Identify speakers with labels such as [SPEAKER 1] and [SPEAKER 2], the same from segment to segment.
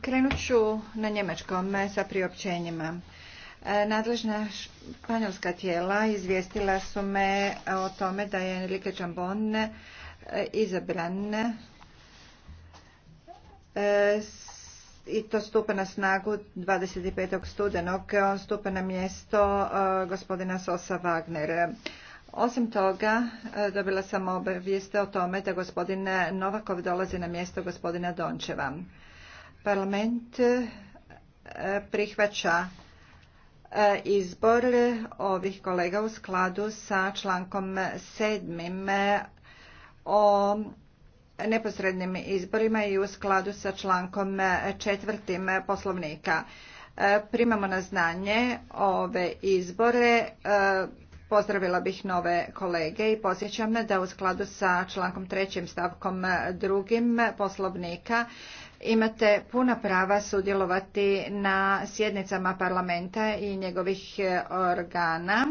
[SPEAKER 1] Krenut ću na njemačkom sa priopćenjima. E, nadležna španjolska tijela izvijestila su me o tome da je Enrique Čambon e, izabran e, i to stupa na snagu 25. studenog, stupa na mjesto gospodina Sosa Wagner. Osim toga, dobila sam obavijeste o tome da gospodin Novakov dolazi na mjesto gospodina Dončeva parlament e, prihvaća e, izbor ovih kolega u skladu sa člankom sedmim e, o neposrednim izborima i u skladu sa člankom četvrtim poslovnika. Primamo na znanje ove izbore Pozdravila bih nove kolege i posjećam da u skladu sa člankom 3. stavkom 2. poslovnika imate puna prava sudjelovati na sjednicama parlamenta i njegovih e, organa.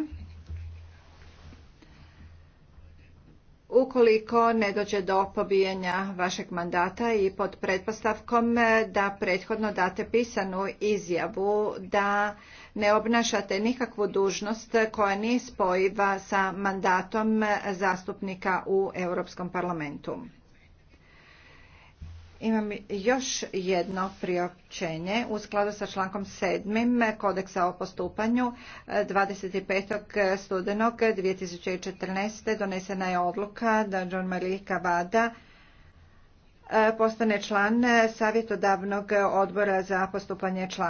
[SPEAKER 1] ukoliko ne dođe do pobijanja vašeg mandata i pod pretpostavkom e, da prethodno date pisanu izjavu da ne obnašate nikakvu dužnost koja nije spojiva sa mandatom zastupnika u Europskom parlamentu. Imam još jedno priopćenje. U skladu sa člankom 7. kodeksa o postupanju 25. studenog 2014. donesena je odluka da John Marie Vada e, postane član savjetodavnog odbora za postupanje člana.